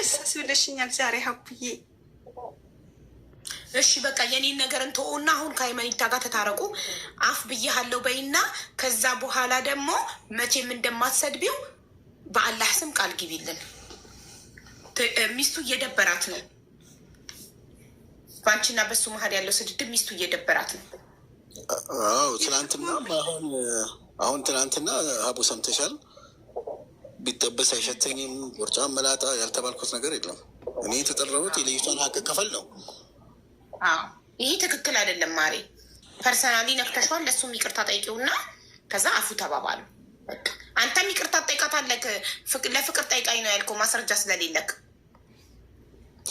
ደስ ሲብለሽኛል ዛሬ ሀቡዬ። እሺ በቃ የኔን ነገር እንትሆና አሁን ከሃይማኒታ ጋር ተታረቁ። አፍ ብያሃለው በይና ከዛ በኋላ ደግሞ መቼም እንደማትሰድቢው በአላህ ስም ቃል ግቢልን። ሚስቱ እየደበራት ነው። በአንቺና በሱ መሀል ያለው ስድድብ ሚስቱ እየደበራት ነው። ትናንትና አሁን አሁን ትናንትና አቡ ሰምተሻል ቢጠበስ አይሸተኝም። ቦርጫ መላጣ ያልተባልኩት ነገር የለም። እኔ የተጠረሩት የልጅቷን ሀቅ ክፍል ነው። ይሄ ትክክል አይደለም ማሬ። ፐርሰናሊ ነክተሸዋል። ለእሱም ይቅርታ ጠይቂውና ከዛ አፉ ተባባሉ። አንተም ይቅርታ ጠይቃታለህ። ለፍቅር ጠይቃኝ ነው ያልከው ማስረጃ ስለሌለክ።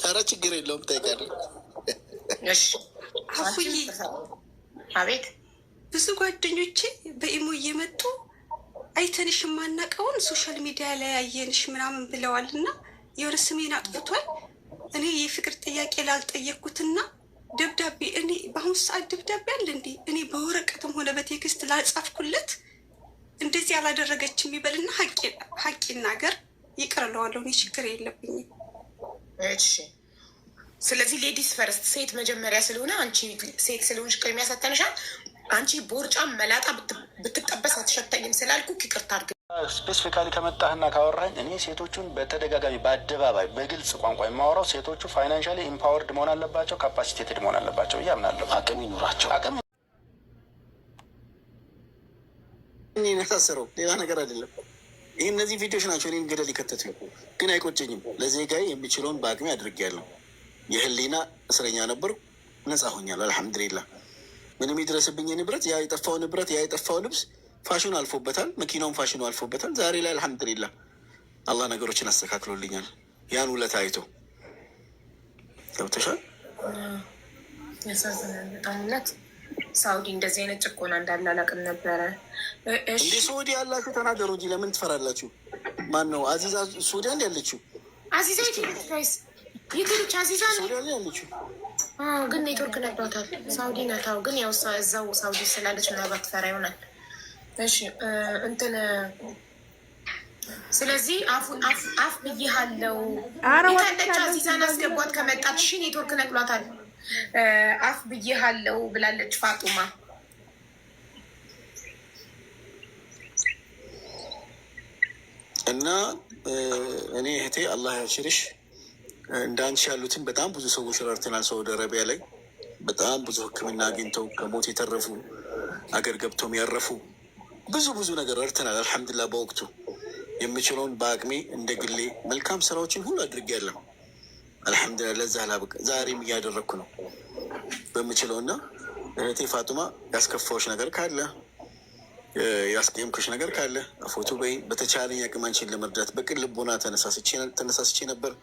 ኧረ ችግር የለውም ጠይቃለሁ። አቤት ብዙ ጓደኞቼ በኢሞ እየመጡ አይተንሽ የማናቀውን ሶሻል ሚዲያ ላይ ያየንሽ ምናምን ብለዋል እና የሆነ ስሜን አጥፍቷል። እኔ የፍቅር ጥያቄ ላልጠየቅኩትና ደብዳቤ እኔ በአሁኑ ሰዓት ደብዳቤ አለ እንዴ? እኔ በወረቀትም ሆነ በቴክስት ላጻፍኩለት እንደዚህ አላደረገችም የሚበልና ሀቂና ሀገር ይቅርለዋለሁ። እለዋለሁ። እኔ ችግር የለብኝም። እሺ ስለዚህ ሌዲስ ፈርስት ሴት መጀመሪያ ስለሆነ አንቺ ሴት ስለሆንሽ ቅድሚያ ሰተንሻል። አንቺ ቦርጫ መላጣ ብትጠበስ አትሸተኝም ስላልኩ ይቅርታ አድርግ። ስፔሲፊካሊ ከመጣህና ካወራኝ እኔ ሴቶቹን በተደጋጋሚ በአደባባይ በግልጽ ቋንቋ የማወራው ሴቶቹ ፋይናንሻሊ ኢምፓወርድ መሆን አለባቸው፣ ካፓሲቴትድ መሆን አለባቸው እያምናለሁ። አቅም ይኑራቸው። አቅም የመሳሰረው ሌላ ነገር አይደለም። ይህ እነዚህ ቪዲዮች ናቸው እኔን ገደል ይከተት ግን አይቆጨኝም። ለዜጋዬ የሚችለውን በአቅሜ አድርጌያለሁ። የህሊና እስረኛ ነበርኩ፣ ነጻ ሆኛለሁ። አልሐምዱሊላህ ምንም የደረሰብኝ ንብረት፣ ያ የጠፋው ንብረት፣ ያ የጠፋው ልብስ ፋሽኑ አልፎበታል። መኪናውን ፋሽኑ አልፎበታል። ዛሬ ላይ አልሐምዱሊላ አላህ ነገሮችን አስተካክሎልኛል። ያን ውለት አይቶ ገብተሻል። በጣምነት እንደዚህ አይነት ጭቆና እንዳለ አላውቅም ነበረ። እንደ ሳኡዲ ያላችሁ ተናገሩ እንጂ ለምን ትፈራላችሁ? ማን ነው አዚዛ? ሳኡዲ አንድ ያለችው አዚዛ ይትልች አዚዛ? ነው ያለችው ግን ኔትወርክ ነግሯታል። ሳውዲ ነታው ግን ያው እዛው ሳውዲ ስላለች ምናልባት ፈራ ይሆናል። እሺ እንትን ስለዚህ አፍ ብዬሃለው ታለች። አዚዛን አስገቧት። ከመጣች ሺ ኔትወርክ ነግሯታል። አፍ ብዬሃለው ብላለች ፋጡማ። እና እኔ እህቴ አላህ ያሽርሽ እንደ አንቺ ያሉትን በጣም ብዙ ሰዎች ረድተናል። ሳውዲ አረቢያ ላይ በጣም ብዙ ሕክምና አግኝተው ከሞት የተረፉ አገር ገብተውም ያረፉ ብዙ ብዙ ነገር ረድተናል። አልሐምዱላ በወቅቱ የምችለውን በአቅሜ እንደ ግሌ መልካም ስራዎችን ሁሉ አድርጌያለሁ። አልሐምዱላ ለዛ ላብቅ ዛሬም እያደረግኩ ነው በምችለው በምችለውና እህቴ ፋጡማ ያስከፋዎች ነገር ካለ ያስቀየምኩሽ ነገር ካለ ፎቶ በይ። በተቻለኝ አቅም አንቺን ለመርዳት በቅን ልቦና ተነሳስቼ ነበር።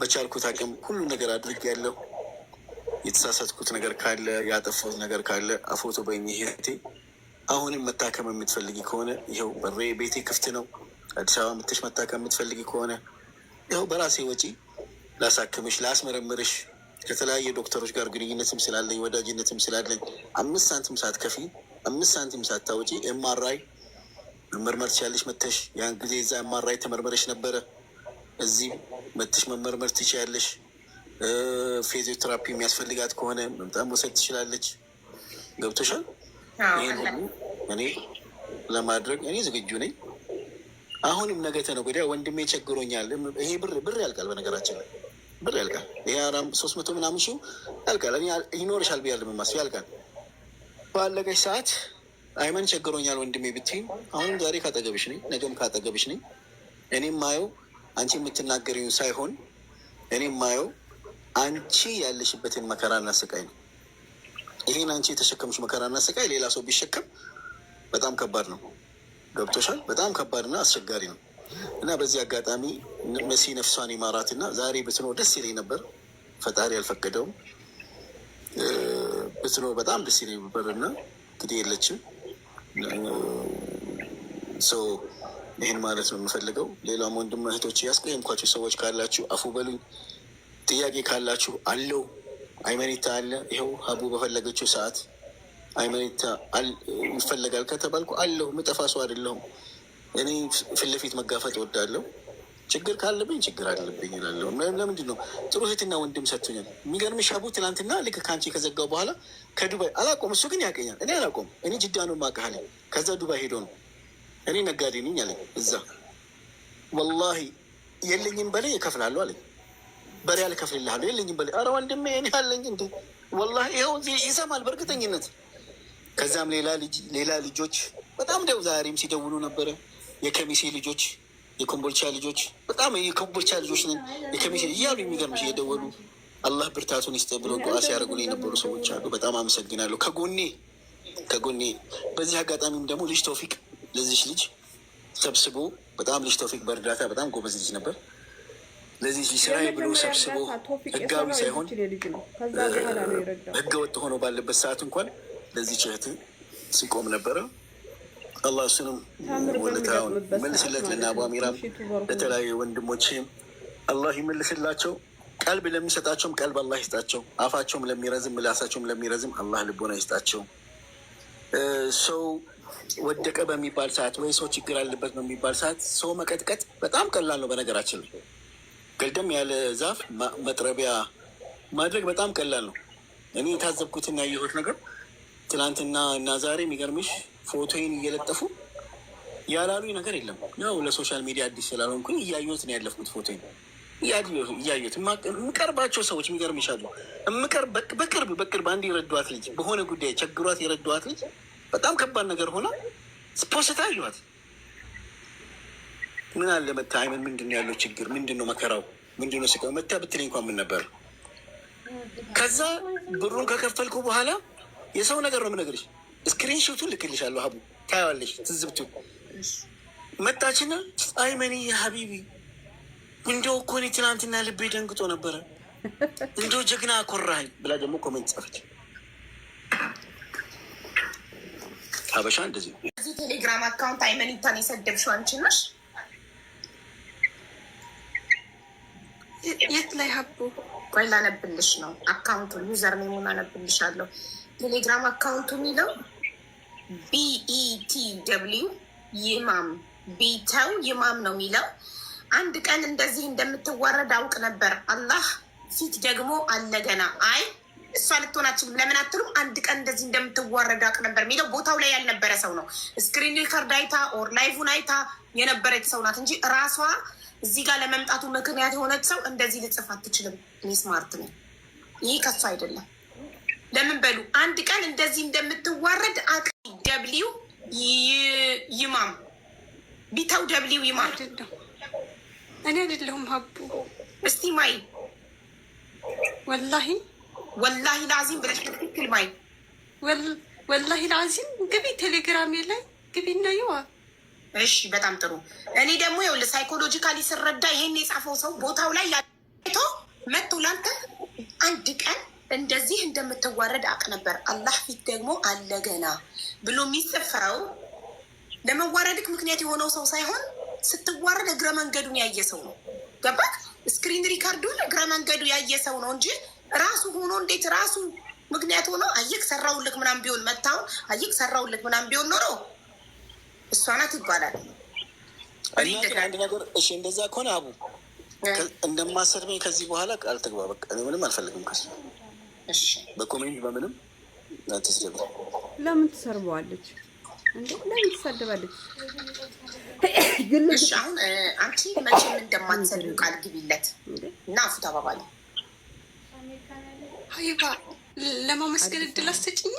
በቻልኩት አቅም ሁሉ ነገር አድርግ ያለው የተሳሳትኩት ነገር ካለ ያጠፋሁት ነገር ካለ አፎቶ በኝ ህቴ አሁንም መታከም የምትፈልጊ ከሆነ ይኸው በሬ ቤቴ ክፍት ነው። አዲስ አበባ ምትሽ መታከም የምትፈልጊ ከሆነ ይኸው በራሴ ወጪ ላሳክምሽ፣ ላስመረምርሽ ከተለያየ ዶክተሮች ጋር ግንኙነትም ስላለኝ ወዳጅነትም ስላለኝ አምስት ሳንቲም ሳትከፊ አምስት ሳንቲም ሳታወጪ ኤምአርአይ መመርመር ትችያለሽ። መተሽ ያን ጊዜ እዛ ኤምአርአይ ተመርመረሽ ነበረ እዚህ መጥሽ መመርመር ትችላለሽ። ፊዚዮቴራፒ የሚያስፈልጋት ከሆነ መምጣት መውሰድ ትችላለች። ገብቶሻል። ይህን ሁሉ እኔ ለማድረግ እኔ ዝግጁ ነኝ። አሁንም ነገ ተነገ ወዲያ ወንድሜ ቸግሮኛል። ይሄ ብር ብር ያልቃል፣ በነገራችን ላይ ብር ያልቃል። ይሄ ሶስት መቶ ምናምን ሺው ያልቃል። እኔ ይኖርሻል ብያለሁ የማስብ ያልቃል። ባለቀች ሰዓት አይመን ቸግሮኛል ወንድሜ ብትይ አሁንም ዛሬ ካጠገብሽ ነኝ፣ ነገም ካጠገብሽ ነኝ። እኔም ማየው አንቺ የምትናገሪው ሳይሆን እኔ የማየው አንቺ ያለሽበትን መከራና ስቃይ ነው። ይሄን አንቺ የተሸከምሽ መከራና ስቃይ ሌላ ሰው ቢሸከም በጣም ከባድ ነው። ገብቶሻል? በጣም ከባድና አስቸጋሪ ነው እና በዚህ አጋጣሚ መሲ ነፍሷን ይማራት እና ዛሬ ብትኖር ደስ ይለኝ ነበር። ፈጣሪ አልፈቀደውም። ብትኖር በጣም ደስ ይለኝ ነበር እና እንግዲህ የለችም። ይህን ማለት ነው የምፈልገው። ሌላም ወንድም እህቶች ያስቀየምኳችሁ ሰዎች ካላችሁ አፉ በሉኝ። ጥያቄ ካላችሁ አለው አይመኒታ አለ። ይኸው ሀቡ በፈለገችው ሰዓት አይመኒታ ይፈለጋል ከተባልኩ አለው። ምጠፋ ሰው አይደለሁም። እኔ ፊት ለፊት መጋፈጥ እወዳለሁ። ችግር ካለብኝ ችግር አለብኝ እላለሁ። ለምንድን ነው ጥሩ እህትና ወንድም ሰጥቶኛል። የሚገርምሽ ሀቡ ትናንትና ልክ ከአንቺ ከዘጋው በኋላ ከዱባይ አላቆም፣ እሱ ግን ያገኛል። እኔ አላቆም። እኔ ጅዳ ነው ማቃህል ከዛ ዱባይ ሄዶ ነው እኔ ነጋዴ ነኝ አለኝ። እዛ ወላሂ የለኝም በላይ ይከፍላሉ አለኝ። በሪያል እከፍልልሃለሁ የለኝም በላይ። አረ ወንድሜ እኔ አለኝ እንደ ወላሂ። ይኸው ይሰማል በእርግጠኝነት። ከዛም ሌላ ልጅ ሌላ ልጆች በጣም ደው ዛሬም ሲደውሉ ነበረ። የከሚሴ ልጆች የኮምቦልቻ ልጆች በጣም የኮምቦልቻ ልጆች ነን የከሚሴ እያሉ የሚገርምሽ እየደወሉ አላህ ብርታቱን ይስጥ ብሎ ዱዓ ሲያደርጉ የነበሩ ሰዎች አሉ። በጣም አመሰግናለሁ። ከጎኔ ከጎኔ በዚህ አጋጣሚም ደግሞ ልጅ ተውፊቅ ለዚች ልጅ ሰብስቦ በጣም ልጅ ቶፊቅ በእርዳታ በጣም ጎበዝ ልጅ ነበር። ለዚህ ስራ ብሎ ሰብስቦ ህጋዊ ሳይሆን ህገ ወጥ ሆኖ ባለበት ሰዓት እንኳን ለዚህ ችህት ሲቆም ነበረ። አላህ እሱንም ወለታውን መልስለት፣ ለና አሚራም ለተለያዩ ወንድሞችም አላህ ይመልስላቸው። ቀልብ ለሚሰጣቸውም ቀልብ አላህ ይስጣቸው። አፋቸውም ለሚረዝም ምላሳቸውም ለሚረዝም አላህ ልቦና ይስጣቸው። ሰው ወደቀ በሚባል ሰዓት ወይ ሰው ችግር አለበት በሚባል ሰዓት ሰው መቀጥቀጥ በጣም ቀላል ነው። በነገራችን ነው ገልደም ያለ ዛፍ መጥረቢያ ማድረግ በጣም ቀላል ነው። እኔ የታዘብኩትና ያየሁት ነገር ትናንትና እና ዛሬ የሚገርምሽ ፎቶዬን እየለጠፉ ያላሉኝ ነገር የለም። ያው ለሶሻል ሚዲያ አዲስ ስላልሆንኩኝ እያየሁት ነው ያለፍኩት ፎቶዬን እያየሁት የምቀርባቸው ሰዎች የሚገርምሻሉ፣ በቅርብ በቅርብ አንድ የረዷት ልጅ በሆነ ጉዳይ ቸግሯት የረዷት ልጅ በጣም ከባድ ነገር ሆና ፖስታ አየኋት። ምን አለ መታ አይመን ምንድን ነው ያለው ችግር ምንድን ነው መከራው ምንድን ነው ስቃው መታ ብትለኝ እንኳን ምን ነበር። ከዛ ብሩን ከከፈልኩ በኋላ የሰው ነገር ነው የምነግርሽ። ስክሪንሾቱን ልክልሻለሁ ሀቡ ታያዋለሽ። ትዝብቱ መጣችና አይመን ሀቢቢ እንደው እኮ እኔ ትናንትና ልቤ ደንግጦ ነበረ እንደው ጀግና አኮራኝ ብላ ደግሞ ኮመንት ጻፈች። ሀበሻ እንደዚህ ነው። እዚህ ቴሌግራም አካውንት አይመኒታን የሰደብሽው አንቺ ነሽ። የት ላይ ሀቡ? ቆይ ላነብልሽ ነው አካውንቱ ዩዘር ኔሙን አለው። ቴሌግራም አካውንቱ የሚለው ቢኢቲ ይማም ቢተው ይማም ነው የሚለው። አንድ ቀን እንደዚህ እንደምትዋረድ አውቅ ነበር። አላህ ፊት ደግሞ አለገና አይ እሷ ልትሆን ለምን አትሉም? አንድ ቀን እንደዚህ እንደምት ስትዋረድ ነበር የሚለው ቦታው ላይ ያልነበረ ሰው ነው። ስክሪን ሪከርድ አይታ ኦር ላይቭን አይታ የነበረች ሰው ናት እንጂ ራሷ እዚህ ጋር ለመምጣቱ ምክንያት የሆነች ሰው እንደዚህ ልጽፍ አትችልም። እኔ ስማርት ነው። ይህ ከሱ አይደለም። ለምን በሉ አንድ ቀን እንደዚህ እንደምትዋረድ አቅ ደብሊው ይማም ቢተው ደብሊው ይማም እኔ አይደለሁም ሀቡ እስቲ ማይ ወላሂ ወላሂ ላዚም ብለሽ ትክክል ማይ ወላሂ ለአዚም ግቢ ቴሌግራም ላይ ግቢ እናየዋ። እሺ በጣም ጥሩ። እኔ ደግሞ ይኸውልህ ሳይኮሎጂካሊ ስረዳ ይህን የጻፈው ሰው ቦታው ላይ ያቶ መጥቶ ላንተ አንድ ቀን እንደዚህ እንደምትዋረድ አቅ ነበር አላህ ፊት ደግሞ አለ ገና ብሎ የሚጽፈው ለመዋረድክ ምክንያት የሆነው ሰው ሳይሆን ስትዋረድ እግረ መንገዱን ያየ ሰው ነው። ገባክ? ስክሪን ሪካርዱን እግረ መንገዱ ያየ ሰው ነው እንጂ ራሱ ሆኖ እንዴት ራሱ ምክንያት ሆኖ አየክ ሰራውልክ ምናም ቢሆን መታውን አየክ ሰራውልክ ምናም ቢሆን ኖሮ እሷ ናት ይባላል። አንድ ነገር እሺ፣ እንደዛ ከሆነ አቡ እንደማሰርበኝ ከዚህ በኋላ ቃል ትግባ። በቃ እኔ ምንም አልፈልግም ከሱ በኮሜንት በምንም ትስደብ። ለምን ትሰርበዋለች? እንደው ለምን ትሰድባለች? ግን አሁን አንቺ መቼም እንደማትሰርቢው ቃል ግቢለት እና አፉ ተባባለ ለማመስገን እድል አስተጭኝ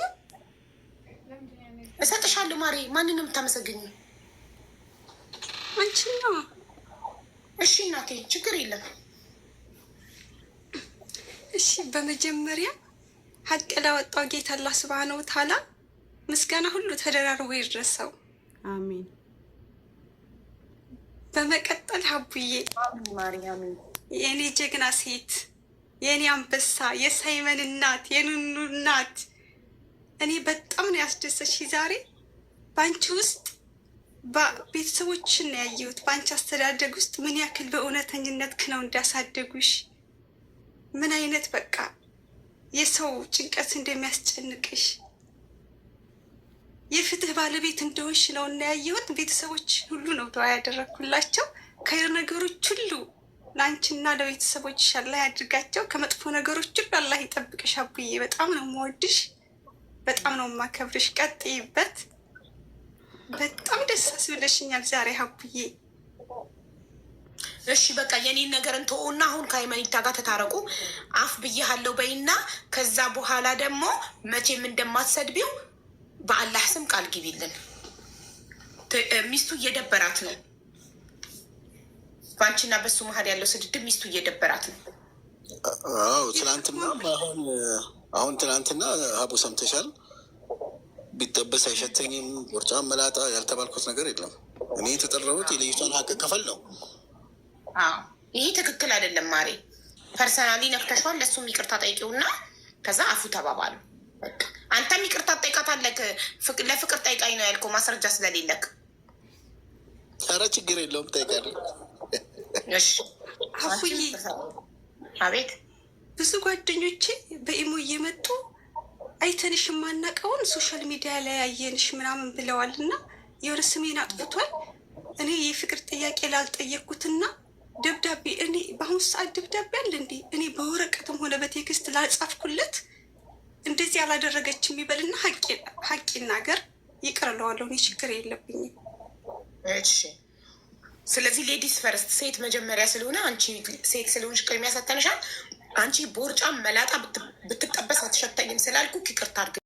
እሰጥሻለሁ። ማሪ። ማንን ነው የምታመሰግኝ? አንቺ ነው። እሺ እናቴ፣ ችግር የለም። እሺ በመጀመሪያ ሀቅ ላወጣው ጌታ አላህ ሱብሃነሁ ወተዓላ ምስጋና ሁሉ ተደራርቦ ይድረሰው። አሚን። በመቀጠል ሀቡዬ የእኔ ጀግና ሴት የእኔ አንበሳ፣ የሳይመን እናት፣ የኑኑ እናት፣ እኔ በጣም ነው ያስደሰች ዛሬ በአንቺ ውስጥ ቤተሰቦችን ነው ያየሁት። በአንቺ አስተዳደግ ውስጥ ምን ያክል በእውነተኝነት ነው እንዳሳደጉሽ ምን አይነት በቃ የሰው ጭንቀት እንደሚያስጨንቅሽ የፍትህ ባለቤት እንደሆንሽ ነው እና ያየሁት። ቤተሰቦች ሁሉ ነው ተዋ ያደረግኩላቸው ከነገሮች ሁሉ ለአንቺና ለቤተሰቦች አላህ ያድርጋቸው። ከመጥፎ ነገሮች ሁሉ አላህ ይጠብቅሽ። አቡዬ በጣም ነው የምወድሽ፣ በጣም ነው የማከብርሽ። ቀጥይበት። በጣም ደስ አስብለሽኛል ዛሬ አቡዬ። እሺ በቃ የኔን ነገር እንትሆና አሁን ከሃይማኒታ ጋር ተታረቁ። አፍ ብዬሃለሁ በይና ከዛ በኋላ ደግሞ መቼም እንደማትሰድቢው በአላህ ስም ቃል ግቢልን። ሚስቱ እየደበራት ነው በአንቺና በሱ መሀል ያለው ስድድብ ሚስቱ እየደበራት ነው። ትናንትና አሁን አሁን ትናንትና ሰምተሻል። ቢጠበስ አይሸተኝም፣ ወርጫ መላጣ ያልተባልኩት ነገር የለም። እኔ የተጠረሩት የልጅቷን ሀቅ ክፈል ነው። ይሄ ትክክል አይደለም ማሬ። ፐርሰናሊ ነፍተሽዋል። ለእሱም ይቅርታ ጠይቂውና ከዛ አፉ ተባባሉ። አንተም ይቅርታ ጠይቃታለህ። ለፍቅር ጠይቃኝ ነው ያልከው ማስረጃ ስለሌለክ። ኧረ ችግር የለውም ጠይቃለህ አፉዬ አቤት ብዙ ጓደኞቼ በኢሞ እየመጡ አይተንሽ የማናውቀውን ሶሻል ሚዲያ ላይ ያየንሽ ምናምን ብለዋል እና የሆነ ስሜን አጥፍቷል። እኔ የፍቅር ጥያቄ ላልጠየቅኩትና ደብዳቤ እኔ በአሁኑ ሰዓት ደብዳቤ አለ እንዴ? እኔ በወረቀትም ሆነ በቴክስት ላልጻፍኩለት እንደዚህ አላደረገች የሚበልና ሀቂ ሀቂ ይቅር እለዋለሁ። እኔ ችግር የለብኝም። እሺ ስለዚህ ሌዲስ ፈርስት ሴት መጀመሪያ ስለሆነ አንቺ ሴት ስለሆንሽ ቅድሚያ ሰተንሻል። አንቺ ቦርጫ መላጣ ብትጠበስ አትሸተኝም ስላልኩ ይቅርታ አድርግ።